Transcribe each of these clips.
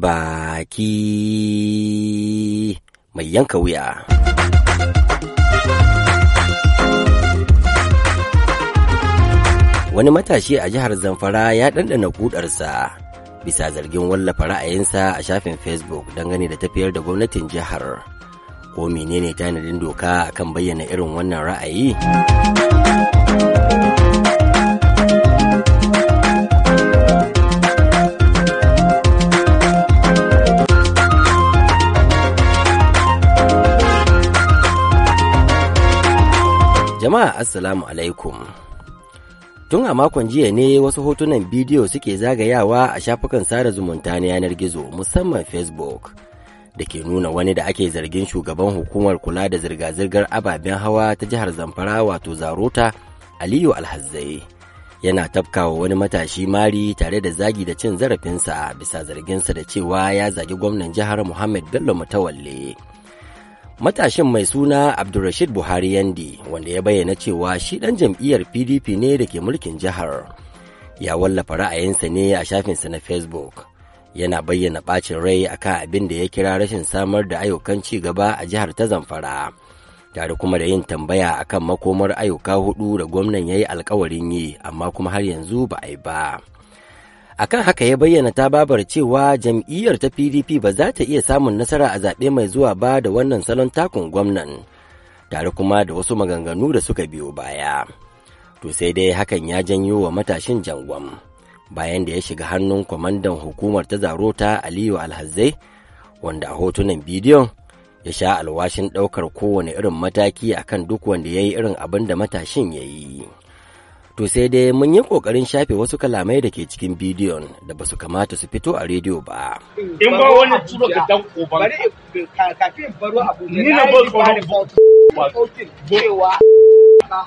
baki mai yanka wuya. Wani matashi a jihar Zamfara ya ɗanɗana kudarsa bisa zargin wallafa ra'ayinsa a shafin Facebook dangane da tafiyar da gwamnatin jihar. Ko menene tanadin doka akan bayyana irin wannan ra'ayi? Jama'a Assalamu alaikum. Tun a makon jiya ne wasu hotunan bidiyo suke zagayawa a shafukan sada zumunta na yanar gizo musamman Facebook da ke nuna wani da ake zargin shugaban hukumar kula da zirga-zirgar ababen hawa ta jihar Zamfara wato Zarota Aliyu Alhazzai. Yana tafkawa wani matashi mari tare da zagi da cin zarafinsa bisa zarginsa da cewa ya zagi gwamnan jihar Muhammad Bello Mutawalle. matashin mai suna abdulrashid buhari yandi wanda ya bayyana cewa shi ɗan jam'iyyar pdp ne da ke mulkin jihar ya wallafa ra'ayinsa ne a shafinsa na facebook yana bayyana ɓacin rai akan abin da ya kira rashin samar da ayyukan ci gaba a jihar ta zamfara tare kuma da yin tambaya akan makomar ayyuka hudu da gwamnan ya yi alkawarin yi amma kuma har yanzu ba a yi ba. akan haka ya bayyana ta babar cewa jam'iyyar ta pdp ba za ta iya samun nasara a zaɓe mai zuwa ba da wannan salon takun gwamnan tare kuma da wasu maganganu da suka biyo baya to sai dai hakan ya janyo wa matashin jangwam bayan da ya shiga hannun kwamandan hukumar ta zaro ta aliyu alhazai wanda a hotunan bidiyon ya sha alwashin ɗaukar kowane irin mataki akan duk wanda ya yi irin abin da matashin ya yi To sai dai mun yi ƙoƙarin shafe wasu kalamai da ke cikin bidiyon da ba su kamata su fito a rediyo ba. In ba ni na ba cewa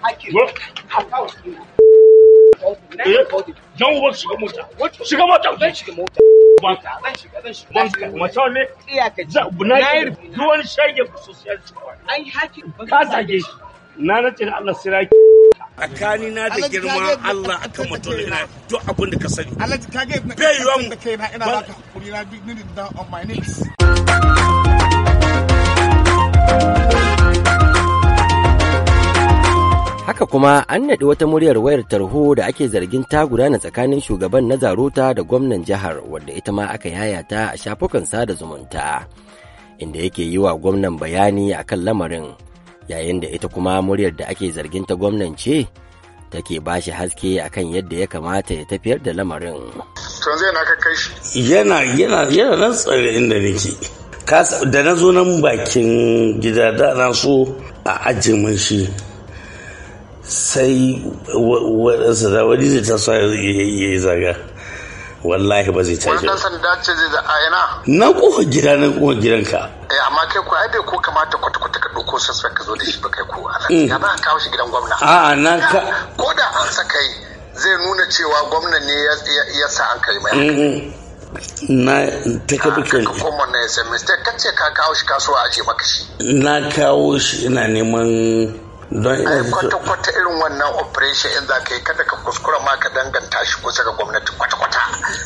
hakin eh? Jan shiga mota. Shiga mota. Zan shiga mota. Zan shiga zan shiga. Zan shiga. Mata ne? Iyaka. Na yi yi hakin. Ka nace da Allah na da girma Allah akan mutum ina duk abin da ka sani. ka ga ina Haka kuma an naɗi wata muryar wayar tarho da ake zargin ta gudana tsakanin shugaban na Zarota da gwamnan jihar wadda ita ma aka yayata a shafukan sada zumunta inda yake yi wa gwamnan bayani akan lamarin yayin da ita kuma muryar da ake zargin ta gwamnan ce take ba shi haske akan yadda ya kamata ya tafiyar da lamarin. Tun zai na kai shi. Yana yana yana nan tsare inda nake. Da na zo nan bakin gida da na so a ajiye mun shi sai waɗansa da wani zai so ya yi zaga. wallahi ba zai tashi wannan sanda ce zai da yana? Na kofar gida na kofar gidanka eh amma kai ko ai bai ko kamata kwata kwata ko suspect ka zo da shi baka ko alhaji k'a ba kawo shi gidan gwamna a'a nan ka ko da an saka yi zai nuna cewa gwamna ne ya sa an kai mai mm-hmm. na take ka kuma na sms ka ce ka kawo shi kasuwa a je maka shi na kawo shi ina neman kwata-kwata irin wannan operation in za ka yi kada ka kuskura ma ka danganta shi kusa ga gwamnati kwata-kwata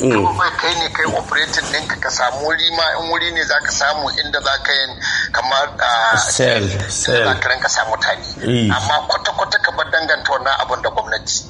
mm. kawai kai ne kai operating ɗinka ka samu wuri ma in wuri ne za ka samu inda za ka yi kamar ah, sel za ka samu tani mm. amma kwata-kwata ka bar danganta wannan abun da gwamnati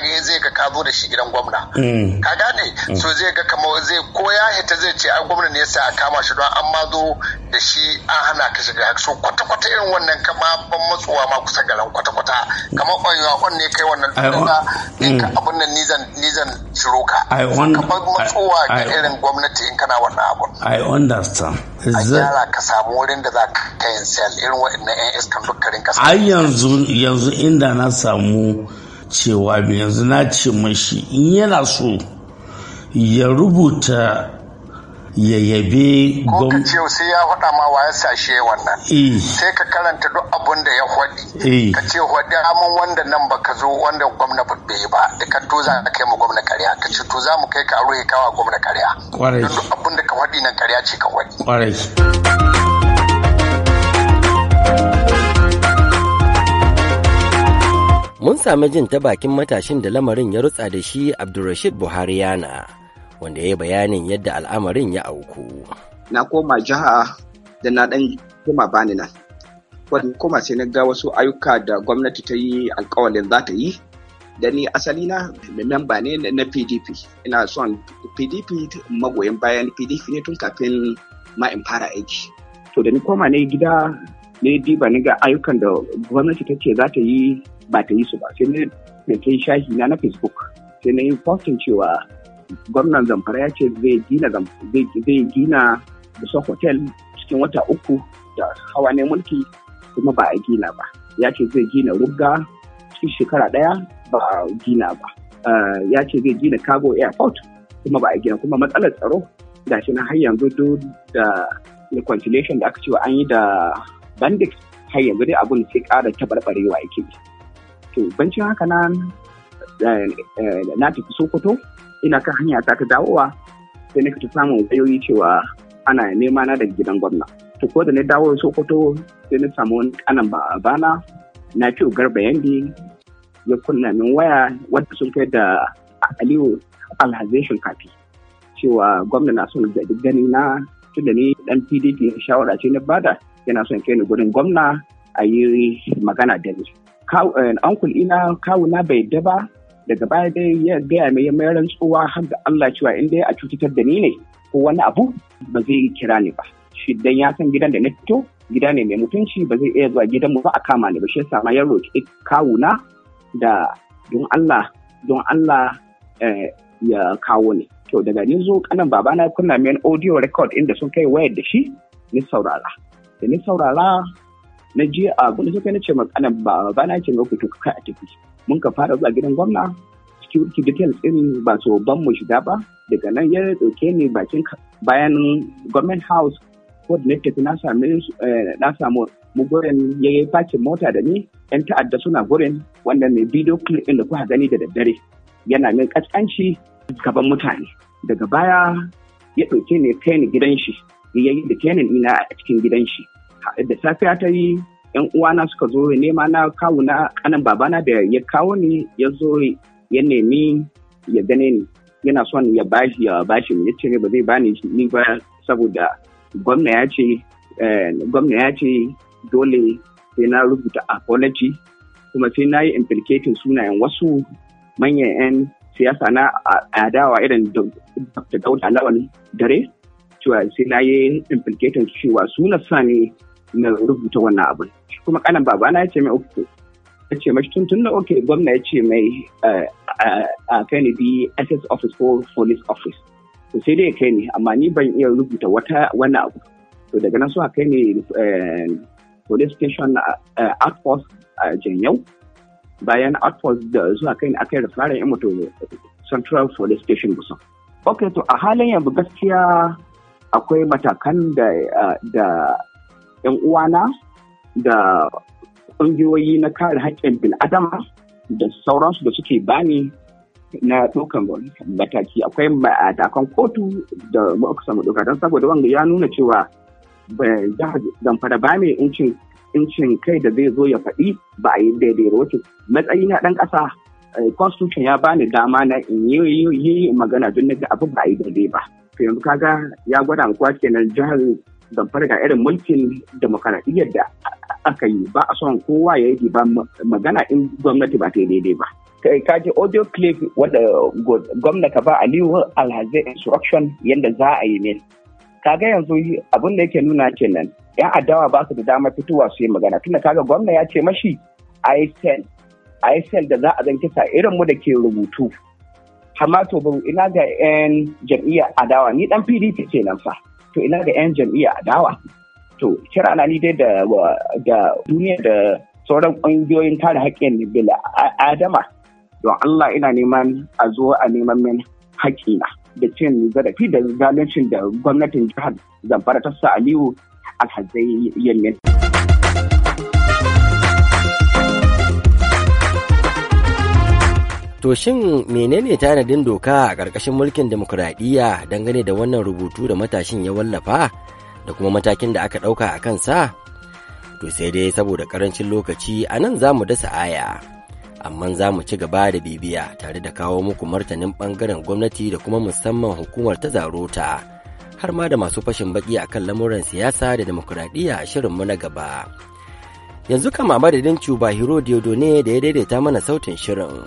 kage zai ga ka zo da shi gidan gwamna mm. ka gane mm. so zai ga kamar zai ko ya hita zai ce a gwamna ne yasa a kama shi don an ma zo da shi an hana ka shiga so kwata kwata irin wannan kama ban matsuwa ma kusa garan kwata kwata kamar oyo on ne kai wannan dole in ka mm. abun nan nizan nizan shiro ka kamar matsuwa ga irin gwamnati in kana wannan abun i understand a gyara ka samu wurin da za ka kayan sel irin waɗannan 'yan iskan dukkanin kasa ai yanzu yanzu inda na samu cewa yanzu na ce mashi in yana so ya rubuta ya yabe ko ka ce sai ya faɗa ma wa ya sashe wannan eh. sai ka karanta duk abun da ya faɗi eh. ka ce faɗi amin wanda nan ba ka zo wanda gwamna bude ba da ka to za ka kai mu gwamna karya ka ce to za mu kai ka aure kawa gwamna karya duk abun da ka faɗi nan karya ce ka faɗi mun sami jin ta bakin matashin da lamarin ya rutsa da shi abdulrashid yana, wanda ya yi bayanin yadda al'amarin ya auku na koma jiha da na ɗan kuma bani nan Wani koma sai na ga wasu ayyuka da gwamnati ta yi alkawalin za ta yi da ni asali na memba ne na pdp ina son pdp magoyin bayan pdp ne tun kafin ma in fara aiki to da ni koma ne gida ne diba ni ga ayyukan da gwamnati ta ce za ta yi ba ta yi su ba sai na kai shahi na na facebook sai na yi postin cewa gwamnan zamfara ya ce zai gina zai gina busan hotel cikin wata uku da hawa ne mulki kuma ba a gina ba ya ce zai gina rugga cikin shekara ɗaya ba a gina ba eh, ya ce zai gina cargo airport kuma ba a gina kuma matsalar tsaro da shi na har yanzu da reconciliation da aka cewa an yi da bandit har yanzu dai abun sai kara tabarbarewa yake to bancin haka na eh, eh, na tafi sokoto ina kan hanya ta ta dawowa sai na fita samun wayoyi cewa ana nema na daga gidan gwamna to ko da na dawo sokoto sai na samu wani kanan ba bana na fi garba yandi ya kunna min waya wadda sun kai da aliyu Alhazashin kafi cewa gwamna na son gani na tun da ni dan pdp shawara ce na bada yana son kai ni gurin gwamna a yi magana da ni ankul eh, ina kawuna bai da ba daga baya dai ya gaya mai ya mayar rantsuwa har da Allah cewa in dai a cutar da ni ne ko wani abu ba zai kira ni ba shi dan ya san gidan da na fito gida ne mai mutunci ba zai iya zuwa gidan mu ba a kama ni ba shi yasa ma ya roki kawuna da don Allah don Allah eh, ya kawo ni to daga ni zo kanan babana kunna min audio record inda sun kai wayar da shi ni saurara da ni saurara na jiya a gudun sai na ce ma ba ba na ce ku to kai a tafi mun ka fara zuwa gidan gwamna security details din ba so ban mu shiga ba daga nan ya dauke ni bakin bayan government house coordinator na sami eh, na samu mu gurin ya yi facin mota da ni yan ta'adda suna gurin wanda mai video clip din da kuka gani da daddare yana min kaskanci gaban mutane daga baya ya dauke ni kai ni gidan shi ya yi da kenan ina a cikin gidan shi da safiya ta yi yan uwana suka zo nema na kawo na kanan babana da ya kawo ni ya zo ya nemi ya gane ni yana son ya bashi ya bashi ya ce ba zai bani ni ba saboda gwamna ya ce eh, dole sai na rubuta apology kuma sai na yi implicating sunayen wasu manyan 'yan siyasa na adawa irin da Dauda lawan dare cewa sai na yi implicating cewa suna sa ne na rubuta wannan abin kuma kanan babana ya ce mai uku ya ce mai tun tun da oke gwamna ya ce mai eh, eh, a kai ni bi SS office ko police office to sai dai kai ni amma ni ban iya rubuta wata wannan abu to daga nan suka kai ni eh, police station outpost a Janyau bayan outpost da zuwa kai ni aka yi referral in mutu central police station busan ok to a halin yanzu gaskiya akwai matakan da 'yan uwana da ƙungiyoyi na kare haƙƙin bil'adama da sauransu da suke bani na ɗaukan mataki akwai matakan kotu da muka samu ɗauka don saboda wanda ya nuna cewa eh, jihar zamfara ba mai incin kai da zai zo ya faɗi ba a yi daidai wacce matsayi na ɗan ƙasa eh, constitution ya bani dama na in yi magana don na ga abu ba a yi daidai ba to yanzu kaga ya gwada mu kwa kenan jihar zamfara ga irin mulkin demokaradiyyar da aka yi ba a son kowa ya yi ba magana in gwamnati ba ta yi daidai ba. ka ji audio clip wadda gwamnati ba aliyu alhazai instruction yadda za a yi ne kaga yanzu abin da yake nuna kenan yan adawa ba su da damar fitowa su yi magana tunda kaga gwamna ya ce mashi isl da za a zan kisa irin mu da ke rubutu amma to ina ga yan jam'iyyar adawa ni dan pdp kenan fa to ina ga 'yan jam'iyya adawa to kira na ni dai da duniya da sauran ƙungiyoyin tare haƙƙin bil adama don Allah ina neman a zo a neman min haƙƙina da cin zarafi da zaluncin da gwamnatin jihar Zamfara ta sa Aliyu alhazai yanyan. To shin menene tanadin doka a ƙarƙashin mulkin demokuraɗiyya dangane da wannan rubutu da matashin ya wallafa da kuma matakin da aka ɗauka a kansa? To sai dai saboda ƙarancin lokaci a nan za mu dasa aya, amma za mu ci gaba da bibiya tare da kawo muku martanin ɓangaren gwamnati da kuma musamman hukumar ta zarota har ma da masu fashin baƙi akan lamuran siyasa da demokuraɗiyya a mu na gaba. Yanzu kama madadin Cuba Hero Diodone da ya daidaita mana sautin shirin.